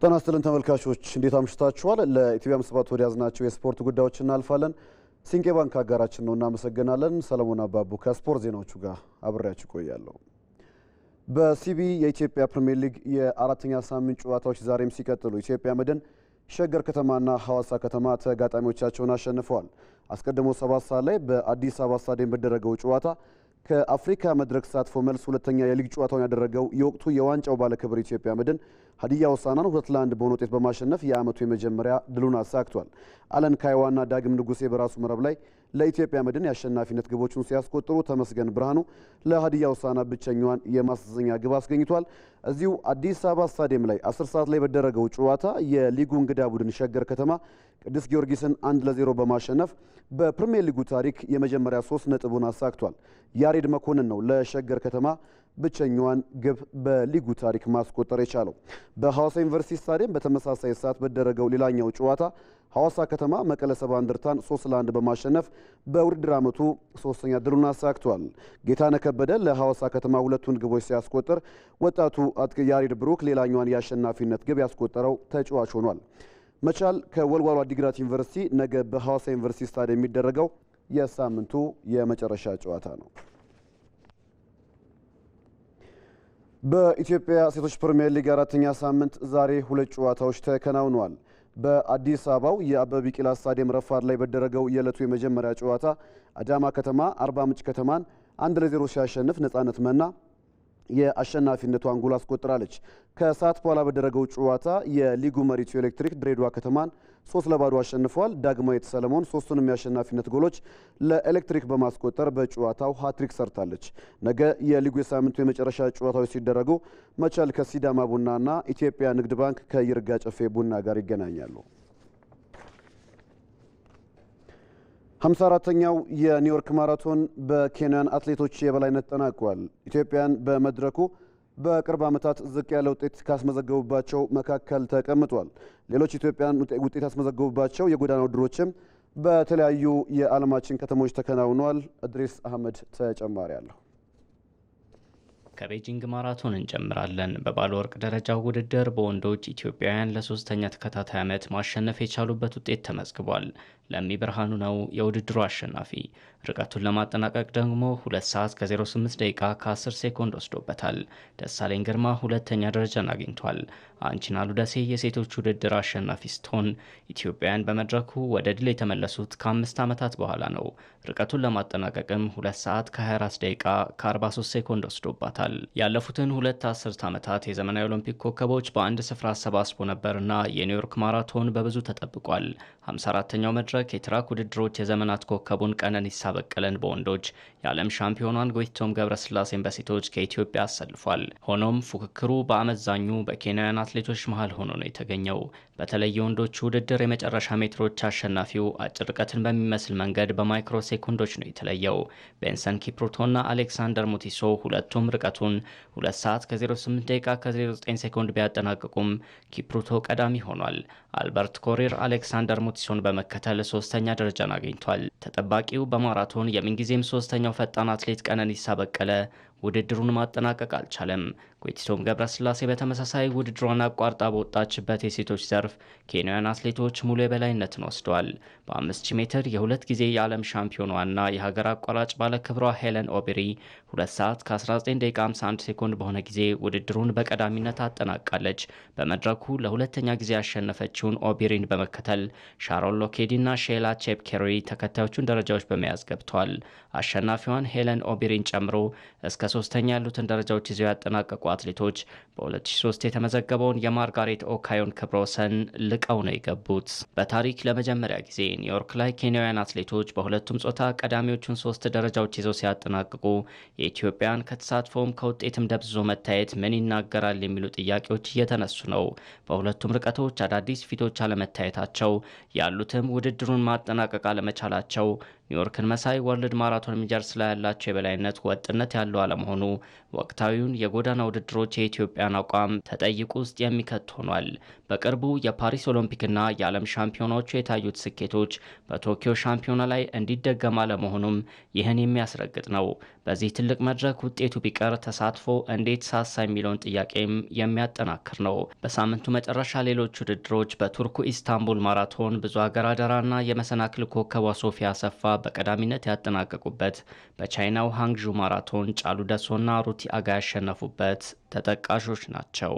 ጤና ይስጥልን ተመልካቾች እንዴት አምሽታችኋል? ለኢትዮጵያ ምስባት ወደ ያዝናቸው የስፖርት ጉዳዮች እናልፋለን። ሲንቄ ባንክ አጋራችን ነው፣ እናመሰግናለን። ሰለሞን አባቡ ከስፖርት ዜናዎቹ ጋር አብሬያችሁ ቆያለሁ። በሲቢ የኢትዮጵያ ፕሪሚየር ሊግ የአራተኛ ሳምንት ጨዋታዎች ዛሬም ሲቀጥሉ ኢትዮጵያ መድን፣ ሸገር ከተማና ሐዋሳ ከተማ ተጋጣሚዎቻቸውን አሸንፈዋል። አስቀድሞ ሰባት ሰዓት ላይ በአዲስ አበባ ስታዲየም በደረገው ጨዋታ ከአፍሪካ መድረክ ተሳትፎ መልስ ሁለተኛ የሊግ ጨዋታውን ያደረገው የወቅቱ የዋንጫው ባለክብር ኢትዮጵያ መድን ሀዲያ ሆሳዕናን ሁለት ለአንድ በሆነ ውጤት በማሸነፍ የአመቱ የመጀመሪያ ድሉን አሳክቷል። አለን ካይዋና ዳግም ንጉሴ በራሱ መረብ ላይ ለኢትዮጵያ መድን የአሸናፊነት ግቦቹን ሲያስቆጥሩ ተመስገን ብርሃኑ ለሀዲያ ውሳና ብቸኛዋን የማስዘኛ ግብ አስገኝቷል። እዚሁ አዲስ አበባ ስታዲየም ላይ 10 ሰዓት ላይ በደረገው ጨዋታ የሊጉ እንግዳ ቡድን ሸገር ከተማ ቅዱስ ጊዮርጊስን አንድ ለዜሮ በማሸነፍ በፕሪምየር ሊጉ ታሪክ የመጀመሪያ ሶስት ነጥቡን አሳክቷል። ያሬድ መኮንን ነው ለሸገር ከተማ ብቸኛዋን ግብ በሊጉ ታሪክ ማስቆጠር የቻለው። በሐዋሳ ዩኒቨርሲቲ ስታዲየም በተመሳሳይ ሰዓት በደረገው ሌላኛው ጨዋታ ሐዋሳ ከተማ መቀለ ሰባ እንደርታን ለ1 በማሸነፍ በውድድር ዓመቱ ሶስተኛ ድሉን አሳክቷል። ጌታነህ ከበደ ለሐዋሳ ከተማ ሁለቱን ግቦች ሲያስቆጥር፣ ወጣቱ አጥቂ ያሬድ ብሩክ ሌላኛዋን የአሸናፊነት ግብ ያስቆጠረው ተጫዋች ሆኗል። መቻል ከወልዋሎ አዲግራት ዩኒቨርሲቲ ነገ በሐዋሳ ዩኒቨርሲቲ ስታዲየም የሚደረገው የሳምንቱ የመጨረሻ ጨዋታ ነው። በኢትዮጵያ ሴቶች ፕሪሚየር ሊግ አራተኛ ሳምንት ዛሬ ሁለት ጨዋታዎች ተከናውነዋል። በአዲስ አበባው የአበበ ቢቂላ ስታዲየም ረፋድ ላይ በደረገው የዕለቱ የመጀመሪያ ጨዋታ አዳማ ከተማ አርባ ምንጭ ከተማን አንድ ለዜሮ ሲያሸንፍ ነፃነት መና የአሸናፊነቷን ጎል አስቆጥራለች። ከሰዓት በኋላ በደረገው ጨዋታ የሊጉ መሪ ኢትዮ ኤሌክትሪክ ድሬዳዋ ከተማን ሶስት ለባዶ አሸንፏል። ዳግማዊት ሰለሞን ሶስቱንም የአሸናፊነት ጎሎች ለኤሌክትሪክ በማስቆጠር በጨዋታው ሀትሪክ ሰርታለች። ነገ የሊጉ የሳምንቱ የመጨረሻ ጨዋታዎች ሲደረጉ መቻል ከሲዳማ ቡናና ኢትዮጵያ ንግድ ባንክ ከይርጋ ጨፌ ቡና ጋር ይገናኛሉ። 54 ተኛው የኒውዮርክ ማራቶን በኬንያን አትሌቶች የበላይነት ጠናቋል። ኢትዮጵያን በመድረኩ በቅርብ ዓመታት ዝቅ ያለ ውጤት ካስመዘገቡባቸው መካከል ተቀምጧል። ሌሎች ኢትዮጵያን ውጤት ያስመዘገቡባቸው የጎዳና ውድድሮችም በተለያዩ የዓለማችን ከተሞች ተከናውኗል። እድሪስ አህመድ ተጨማሪ አለሁ። ከቤጂንግ ማራቶን እንጨምራለን። በባለ ወርቅ ውድድር በወንዶች ኢትዮጵያውያን ለሶስተኛ ተከታታይ ዓመት ማሸነፍ የቻሉበት ውጤት ተመዝግቧል። ለሚ ብርሃኑ ነው የውድድሩ አሸናፊ። ርቀቱን ለማጠናቀቅ ደግሞ 2 ሰዓት ከ08 ደቂቃ ከ10 ሴኮንድ ወስዶበታል። ደሳለኝ ግርማ ሁለተኛ ደረጃን አግኝቷል። አንቺናሉ ደሴ የሴቶች ውድድር አሸናፊ ስትሆን ኢትዮጵያውያን በመድረኩ ወደ ድል የተመለሱት ከአምስት ዓመታት በኋላ ነው። ርቀቱን ለማጠናቀቅም 2 ሰዓት ከ24 ደቂቃ ከ43 ሴኮንድ ወስዶባታል። ያለፉትን ሁለት አስርት ዓመታት የዘመናዊ ኦሎምፒክ ኮከቦች በአንድ ስፍራ አሰባስቦ ነበርና የኒውዮርክ ማራቶን በብዙ ተጠብቋል። 54ኛው መድረ በማድረግ የትራክ ውድድሮች የዘመናት ኮከቡን ቀነኒሳ በቀለን በወንዶች የዓለም ሻምፒዮኗን ጎይቶም ገብረስላሴን በሴቶች ከኢትዮጵያ አሰልፏል። ሆኖም ፉክክሩ በአመዛኙ በኬንያውያን አትሌቶች መሀል ሆኖ ነው የተገኘው። በተለይ የወንዶቹ ውድድር የመጨረሻ ሜትሮች አሸናፊው አጭር ርቀትን በሚመስል መንገድ በማይክሮ ሴኮንዶች ነው የተለየው። ቤንሰን ኪፕሩቶና አሌክሳንደር ሙቲሶ ሁለቱም ርቀቱን 2 ሰዓት ከ08 ደቂቃ ከ09 ሴኮንድ ቢያጠናቅቁም ኪፕሩቶ ቀዳሚ ሆኗል። አልበርት ኮሪር አሌክሳንደር ሙቲሶን በመከተል ሶስተኛ ደረጃን አግኝቷል። ተጠባቂው በማራቶን የምንጊዜም ሶስተኛው ፈጣን አትሌት ቀነኒሳ በቀለ ውድድሩን ማጠናቀቅ አልቻለም። ጎይቲቶም ገብረስላሴ በተመሳሳይ ውድድሯን አቋርጣ በወጣችበት የሴቶች ዘርፍ ኬንያውያን አትሌቶች ሙሉ የበላይነትን ወስደዋል። በ ሺህ ሜትር የሁለት ጊዜ የዓለም ሻምፒዮኗና የሀገር አቋራጭ ባለክብሯ ሄለን ኦቤሪ 2 ሰዓት ከ19 ደቂቃ 51 ሴኮንድ በሆነ ጊዜ ውድድሩን በቀዳሚነት አጠናቃለች። በመድረኩ ለሁለተኛ ጊዜ ያሸነፈችውን ኦቤሪን በመከተል ሻሮን ሎኬዲና ሼላ ቼፕ ኬሪ ተከታዮቹን ደረጃዎች በመያዝ ገብተዋል። አሸናፊዋን ሄለን ኦቢሪን ጨምሮ እስከ ሶስተኛ ያሉትን ደረጃዎች ይዘው ያጠናቀቁ አትሌቶች በ2003 የተመዘገበውን የማርጋሬት ኦካዮን ክብረ ወሰን ልቀው ነው የገቡት። በታሪክ ለመጀመሪያ ጊዜ ኒውዮርክ ላይ ኬንያውያን አትሌቶች በሁለቱም ጾታ ቀዳሚዎቹን ሶስት ደረጃዎች ይዘው ሲያጠናቅቁ የኢትዮጵያን ከተሳትፎውም ከውጤትም ደብዝዞ መታየት ምን ይናገራል የሚሉ ጥያቄዎች እየተነሱ ነው። በሁለቱም ርቀቶች አዳዲስ ፊቶች አለመታየታቸው ያሉትም ውድድሩ ድርድሩን ማጠናቀቅ አለመቻላቸው ኒውዮርክን መሳይ ወርልድ ማራቶን ሚጀርስ ላይ ያላቸው የበላይነት ወጥነት ያለው አለመሆኑ ወቅታዊውን የጎዳና ውድድሮች የኢትዮጵያን አቋም ተጠይቁ ውስጥ የሚከት ሆኗል። በቅርቡ የፓሪስ ኦሎምፒክና የዓለም ሻምፒዮናዎቹ የታዩት ስኬቶች በቶኪዮ ሻምፒዮና ላይ እንዲደገም አለመሆኑም ይህን የሚያስረግጥ ነው። በዚህ ትልቅ መድረክ ውጤቱ ቢቀር ተሳትፎ እንዴት ሳሳ የሚለውን ጥያቄም የሚያጠናክር ነው። በሳምንቱ መጨረሻ ሌሎች ውድድሮች በቱርኩ ኢስታንቡል ማራቶን ብዙ ሀገር አደራና የመሰናክል ኮከቧ ሶፊያ አሰፋ በቀዳሚነት ያጠናቀቁበት በቻይናው ሃንግዡ ማራቶን ጫሉ ደሶና ሩቲ አጋ ያሸነፉበት ተጠቃሾች ናቸው።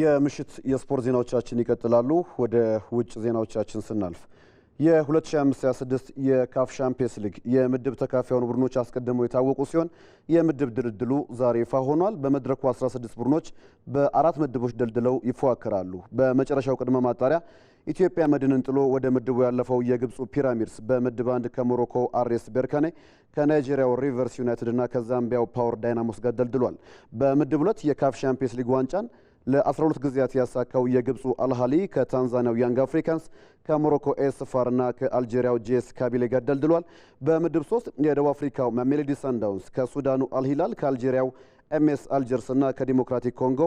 የምሽት የስፖርት ዜናዎቻችን ይቀጥላሉ። ወደ ውጭ ዜናዎቻችን ስናልፍ የ2025/26 የካፍ ሻምፒየንስ ሊግ የምድብ ተካፋዩን ቡድኖች አስቀድመው የታወቁ ሲሆን የምድብ ድልድሉ ዛሬ ይፋ ሆኗል። በመድረኩ 16 ቡድኖች በአራት ምድቦች ደልድለው ይፎካከራሉ። በመጨረሻው ቅድመ ማጣሪያ ኢትዮጵያ መድንን ጥሎ ወደ ምድቡ ያለፈው የግብፁ ፒራሚድስ በምድብ አንድ ከሞሮኮ አሬስ ቤርካኔ ከናይጄሪያው ሪቨርስ ዩናይትድና ከዛምቢያው ፓወር ዳይናሞስ ጋር ደልድሏል። በምድብ ሁለት የካፍ ሻምፒየንስ ሊግ ዋንጫን ለ12 ጊዜያት ያሳካው የግብፁ አልሃሊ ከታንዛኒያው ያንግ አፍሪካንስ ከሞሮኮ ኤስ ፋርና ከአልጄሪያው ጄስ ካቢሌ ጋር ደልድሏል። በምድብ ሶስት የደቡብ አፍሪካው ማሜሎዲ ሰንዳውንስ ከሱዳኑ አልሂላል ከአልጄሪያው ኤምኤስ አልጀርስ እና ከዲሞክራቲክ ኮንጎ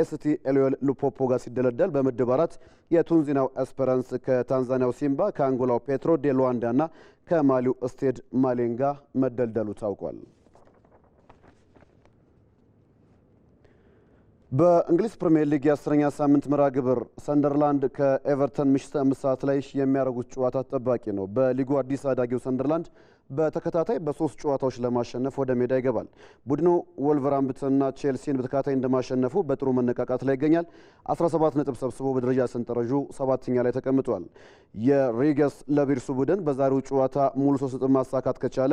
ኤስቲ ኤልዮል ሉፖፖ ጋር ሲደለደል በምድብ አራት የቱንዚናው ኤስፐራንስ ከታንዛኒያው ሲምባ፣ ከአንጎላው ፔትሮ ዴ ሉዋንዳ እና ከማሊው ስቴድ ማሌንጋ መደልደሉ ታውቋል። በእንግሊዝ ፕሪምየር ሊግ የአስረኛ ሳምንት መርሃ ግብር ሰንደርላንድ ከኤቨርተን ምሽት አምስት ሰዓት ላይ የሚያደርጉት ጨዋታ ተጠባቂ ነው። በሊጉ አዲስ አዳጊው ሰንደርላንድ በተከታታይ በሶስት ጨዋታዎች ለማሸነፍ ወደ ሜዳ ይገባል። ቡድኑ ወልቨርሃምፕተንና ቼልሲን በተከታታይ እንደማሸነፉ በጥሩ መነቃቃት ላይ ይገኛል። 17 ነጥብ ሰብስቦ በደረጃ ሰንጠረዡ ሰባተኛ ላይ ተቀምጧል። የሪገስ ለቢርሱ ቡድን በዛሬው ጨዋታ ሙሉ ሶስት ነጥብ ማሳካት ከቻለ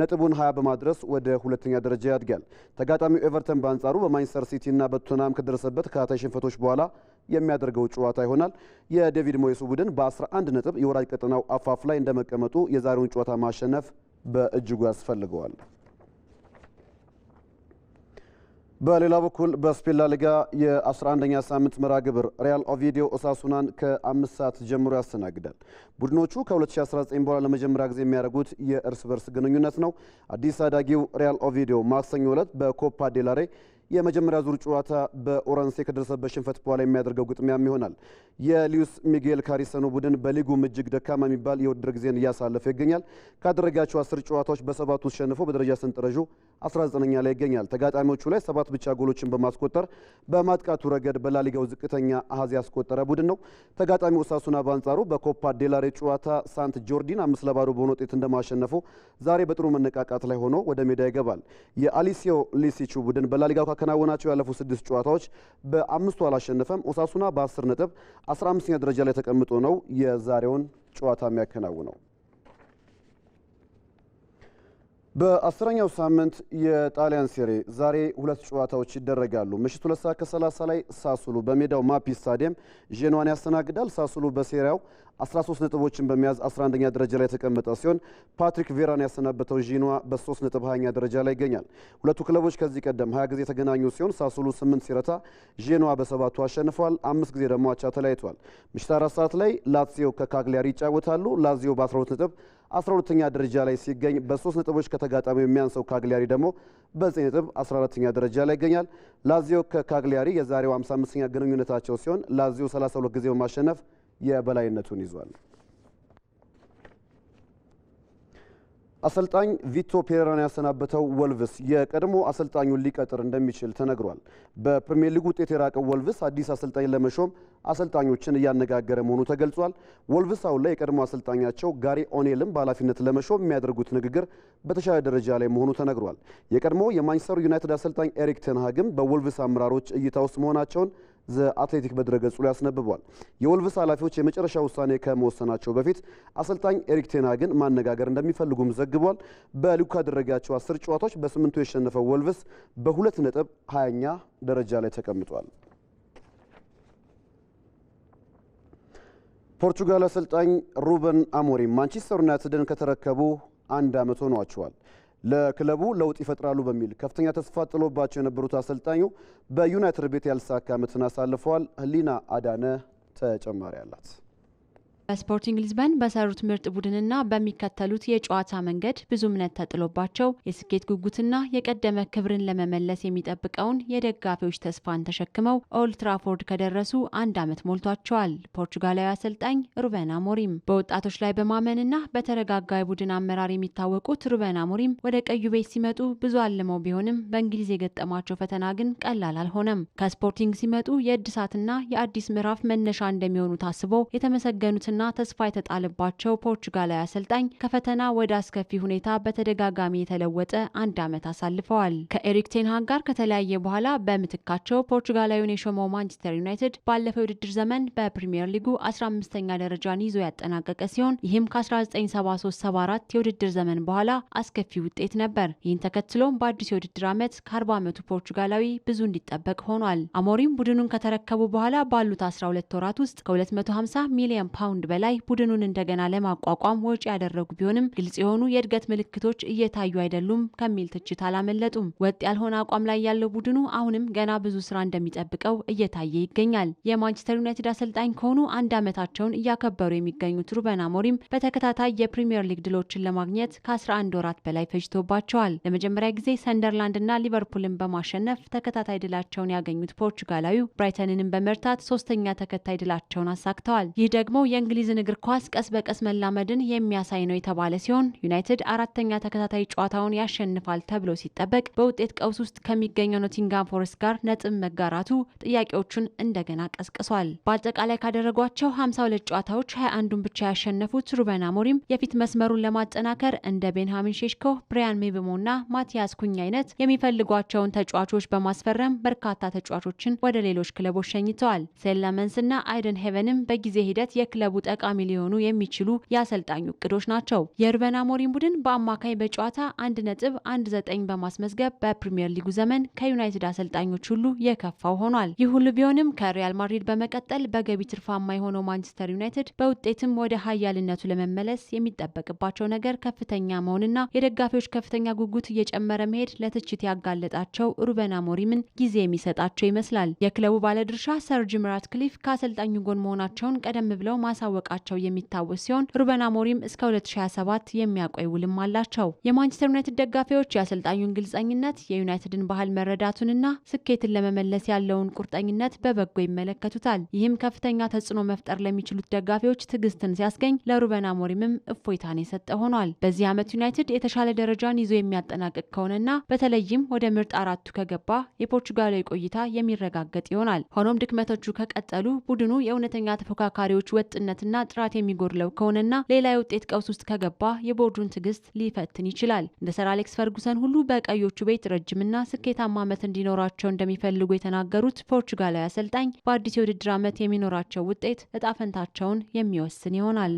ነጥቡን 20 በማድረስ ወደ ሁለተኛ ደረጃ ያድጋል። ተጋጣሚው ኤቨርተን በአንጻሩ በማንቸስተር ሲቲ በቶ ቶተናም ከደረሰበት ከአታይ ሽንፈቶች በኋላ የሚያደርገው ጨዋታ ይሆናል። የዴቪድ ሞይሱ ቡድን በ11 ነጥብ የወራጅ ቀጠናው አፋፍ ላይ እንደመቀመጡ የዛሬውን ጨዋታ ማሸነፍ በእጅጉ ያስፈልገዋል። በሌላ በኩል በስፔን ላሊጋ የ11ኛ ሳምንት መርሃ ግብር ሪያል ኦቪዲዮ ኦሳሱናን ከአምስት ሰዓት ጀምሮ ያስተናግዳል። ቡድኖቹ ከ2019 በኋላ ለመጀመሪያ ጊዜ የሚያደርጉት የእርስ በርስ ግንኙነት ነው። አዲስ አዳጊው ሪያል ኦቪዲዮ ማክሰኞ ዕለት በኮፓ ዴላሬ የመጀመሪያ ዙር ጨዋታ በኦረንሴ ከደረሰበት ሽንፈት በኋላ የሚያደርገው ግጥሚያም ይሆናል። የሊዩስ ሚጌል ካሪሰኖ ቡድን በሊጉም እጅግ ደካማ የሚባል የውድድር ጊዜን እያሳለፈ ይገኛል። ካደረጋቸው አስር ጨዋታዎች በሰባቱ ተሸንፎ በደረጃ ሰንጠረዡ 19ኛ ላይ ይገኛል። ተጋጣሚዎቹ ላይ ሰባት ብቻ ጎሎችን በማስቆጠር በማጥቃቱ ረገድ በላሊጋው ዝቅተኛ አሃዝ ያስቆጠረ ቡድን ነው። ተጋጣሚ ኦሳሱና በአንጻሩ በኮፓ ዴላሬ ጨዋታ ሳንት ጆርዲን አምስት ለባዶ በሆነ ውጤት እንደማሸነፉ ዛሬ በጥሩ መነቃቃት ላይ ሆኖ ወደ ሜዳ ይገባል። የአሊሲዮ ሊሲቹ ቡድን በላሊጋው ባከናወናቸው ያለፉ ስድስት ጨዋታዎች በአምስቱ አላሸነፈም። ኦሳሱና በ10 ነጥብ 15ኛ ደረጃ ላይ ተቀምጦ ነው የዛሬውን ጨዋታ የሚያከናውነው። በአስረኛው ሳምንት የጣሊያን ሴሬ ዛሬ ሁለት ጨዋታዎች ይደረጋሉ። ምሽት ሁለት ሰዓት ከ ላይ ሳሱሉ በሜዳው ማፒ ስታዲየም ዤኗን ያስተናግዳል። ሳሱሉ በሴሪያው 13 ነጥቦችን በመያዝ 11ኛ ደረጃ ላይ የተቀመጠ ሲሆን ፓትሪክ ቬራን ያሰናበተው ዢኗ በ3 ነጥብ 20ኛ ደረጃ ላይ ይገኛል። ሁለቱ ክለቦች ከዚህ ቀደም 20 ጊዜ የተገናኙ ሲሆን ሳሱሉ 8 ሲረታ፣ ዢኗ በሰባቱ አሸንፏል። አምስት ጊዜ ደግሞ አቻ ተለያይቷል። ምሽት አራት ሰዓት ላይ ላዚዮ ከካግሊያሪ ይጫወታሉ። ላዚዮ በ12 ነጥብ 12ኛ ደረጃ ላይ ሲገኝ በሶስት ነጥቦች ከተጋጣሚ የሚያንሰው ካግሊያሪ ደግሞ በ9 ነጥብ 14ኛ ደረጃ ላይ ይገኛል። ላዚዮ ከካግሊያሪ የዛሬው 55ኛ ግንኙነታቸው ሲሆን ላዚዮ 32 ጊዜ በማሸነፍ የበላይነቱን ይዟል። አሰልጣኝ ቪቶ ፔሬራን ያሰናበተው ወልቭስ የቀድሞ አሰልጣኙን ሊቀጥር እንደሚችል ተነግሯል። በፕሪሚየር ሊግ ውጤት የራቀው ወልቭስ አዲስ አሰልጣኝ ለመሾም አሰልጣኞችን እያነጋገረ መሆኑ ተገልጿል። ወልቭስ አሁን ላይ የቀድሞ አሰልጣኛቸው ጋሪ ኦኔልም በኃላፊነት ለመሾም የሚያደርጉት ንግግር በተሻለ ደረጃ ላይ መሆኑ ተነግሯል። የቀድሞ የማንቸስተር ዩናይትድ አሰልጣኝ ኤሪክ ቴንሃግም በወልቭስ አመራሮች እይታ ውስጥ መሆናቸውን ዘአትሌቲክ በድረገጹ ላይ አስነብቧል። የወልቭስ ኃላፊዎች የመጨረሻ ውሳኔ ከመወሰናቸው በፊት አሰልጣኝ ኤሪክ ቴናግን ማነጋገር እንደሚፈልጉም ዘግቧል። በሊጉ ካደረጋቸው አስር ጨዋታዎች በስምንቱ የሸነፈው ወልቭስ በሁለት ነጥብ ሀያኛ ደረጃ ላይ ተቀምጧል። ፖርቹጋል አሰልጣኝ ሩበን አሞሪም ማንቸስተር ዩናይትድን ከተረከቡ አንድ ዓመት ሆኗቸዋል። ለክለቡ ለውጥ ይፈጥራሉ በሚል ከፍተኛ ተስፋ ጥሎባቸው የነበሩት አሰልጣኙ በዩናይትድ ቤት ያልሳካ ምትን አሳልፈዋል። ህሊና አዳነ ተጨማሪ አላት። በስፖርቲንግ ሊዝበን በሰሩት ምርጥ ቡድንና በሚከተሉት የጨዋታ መንገድ ብዙ እምነት ተጥሎባቸው የስኬት ጉጉትና የቀደመ ክብርን ለመመለስ የሚጠብቀውን የደጋፊዎች ተስፋን ተሸክመው ኦልድ ትራፎርድ ከደረሱ አንድ ዓመት ሞልቷቸዋል። ፖርቹጋላዊ አሰልጣኝ ሩበን አሞሪም በወጣቶች ላይ በማመንና በተረጋጋ ቡድን አመራር የሚታወቁት ሩበን አሞሪም ወደ ቀዩ ቤት ሲመጡ ብዙ አልመው ቢሆንም በእንግሊዝ የገጠማቸው ፈተና ግን ቀላል አልሆነም። ከስፖርቲንግ ሲመጡ የእድሳትና የአዲስ ምዕራፍ መነሻ እንደሚሆኑ ታስበው የተመሰገኑትን እና ተስፋ የተጣለባቸው ፖርቹጋላዊ አሰልጣኝ ከፈተና ወደ አስከፊ ሁኔታ በተደጋጋሚ የተለወጠ አንድ ዓመት አሳልፈዋል። ከኤሪክ ቴንሃግ ጋር ከተለያየ በኋላ በምትካቸው ፖርቹጋላዊውን የሾመው ማንቸስተር ዩናይትድ ባለፈው የውድድር ዘመን በፕሪምየር ሊጉ 15ኛ ደረጃን ይዞ ያጠናቀቀ ሲሆን ይህም ከ1973/74 የውድድር ዘመን በኋላ አስከፊ ውጤት ነበር። ይህን ተከትሎም በአዲስ የውድድር ዓመት ከ40 ዓመቱ ፖርቹጋላዊ ብዙ እንዲጠበቅ ሆኗል። አሞሪም ቡድኑን ከተረከቡ በኋላ ባሉት 12 ወራት ውስጥ ከ250 ሚሊዮን ፓውንድ በላይ ቡድኑን እንደገና ለማቋቋም ወጪ ያደረጉ ቢሆንም ግልጽ የሆኑ የእድገት ምልክቶች እየታዩ አይደሉም ከሚል ትችት አላመለጡም። ወጥ ያልሆነ አቋም ላይ ያለው ቡድኑ አሁንም ገና ብዙ ስራ እንደሚጠብቀው እየታየ ይገኛል። የማንቸስተር ዩናይትድ አሰልጣኝ ከሆኑ አንድ ዓመታቸውን እያከበሩ የሚገኙት ሩበን አሞሪም በተከታታይ የፕሪምየር ሊግ ድሎችን ለማግኘት ከ11 ወራት በላይ ፈጅቶባቸዋል። ለመጀመሪያ ጊዜ ሰንደርላንድና ሊቨርፑልን በማሸነፍ ተከታታይ ድላቸውን ያገኙት ፖርቹጋላዊው ብራይተንንም በመርታት ሶስተኛ ተከታይ ድላቸውን አሳክተዋል። ይህ ደግሞ የእንግሊ የእንግሊዝን እግር ኳስ ቀስ በቀስ መላመድን የሚያሳይ ነው የተባለ ሲሆን ዩናይትድ አራተኛ ተከታታይ ጨዋታውን ያሸንፋል ተብሎ ሲጠበቅ በውጤት ቀውስ ውስጥ ከሚገኘው ኖቲንጋም ፎረስት ጋር ነጥብ መጋራቱ ጥያቄዎቹን እንደገና ቀስቅሷል። በአጠቃላይ ካደረጓቸው 52 ጨዋታዎች 21ዱን ብቻ ያሸነፉት ሩበን አሞሪም የፊት መስመሩን ለማጠናከር እንደ ቤንሃሚን ሼሽኮ፣ ብሪያን ሜብሞና ማቲያስ ኩኝ አይነት የሚፈልጓቸውን ተጫዋቾች በማስፈረም በርካታ ተጫዋቾችን ወደ ሌሎች ክለቦች ሸኝተዋል። ሴለመንስና አይደን ሄቨንም በጊዜ ሂደት የክለቡ ጠቃሚ ሊሆኑ የሚችሉ የአሰልጣኙ እቅዶች ናቸው። የሩበን አሞሪም ቡድን በአማካይ በጨዋታ 1.19 በማስመዝገብ በፕሪምየር ሊጉ ዘመን ከዩናይትድ አሰልጣኞች ሁሉ የከፋው ሆኗል። ይህ ሁሉ ቢሆንም ከሪያል ማድሪድ በመቀጠል በገቢ ትርፋማ የሆነው ማንቸስተር ዩናይትድ በውጤትም ወደ ሀያልነቱ ለመመለስ የሚጠበቅባቸው ነገር ከፍተኛ መሆንና የደጋፊዎች ከፍተኛ ጉጉት እየጨመረ መሄድ ለትችት ያጋለጣቸው ሩበን አሞሪምን ጊዜ የሚሰጣቸው ይመስላል። የክለቡ ባለድርሻ ሰር ጂም ራትክሊፍ ከአሰልጣኙ ጎን መሆናቸውን ቀደም ብለው ማሳወ ማስታወቃቸው የሚታወስ ሲሆን ሩበን አሞሪም እስከ 2027 የሚያቆይ ውልም አላቸው። የማንቸስተር ዩናይትድ ደጋፊዎች የአሰልጣኙን ግልጸኝነት፣ የዩናይትድን ባህል መረዳቱንና ስኬትን ለመመለስ ያለውን ቁርጠኝነት በበጎ ይመለከቱታል። ይህም ከፍተኛ ተጽዕኖ መፍጠር ለሚችሉት ደጋፊዎች ትዕግስትን ሲያስገኝ፣ ለሩበን አሞሪምም እፎይታን የሰጠ ሆኗል። በዚህ ዓመት ዩናይትድ የተሻለ ደረጃን ይዞ የሚያጠናቅቅ ከሆነና በተለይም ወደ ምርጥ አራቱ ከገባ የፖርቹጋላዊ ቆይታ የሚረጋገጥ ይሆናል። ሆኖም ድክመቶቹ ከቀጠሉ ቡድኑ የእውነተኛ ተፎካካሪዎች ወጥነት ግልጽነትና ጥራት የሚጎድለው ከሆነና ሌላ የውጤት ቀውስ ውስጥ ከገባ የቦርዱን ትዕግስት ሊፈትን ይችላል። እንደ ሰር አሌክስ ፈርጉሰን ሁሉ በቀዮቹ ቤት ረጅምና ስኬታማ ዓመት እንዲኖራቸው እንደሚፈልጉ የተናገሩት ፖርቹጋላዊ አሰልጣኝ በአዲስ የውድድር ዓመት የሚኖራቸው ውጤት እጣፈንታቸውን የሚወስን ይሆናል።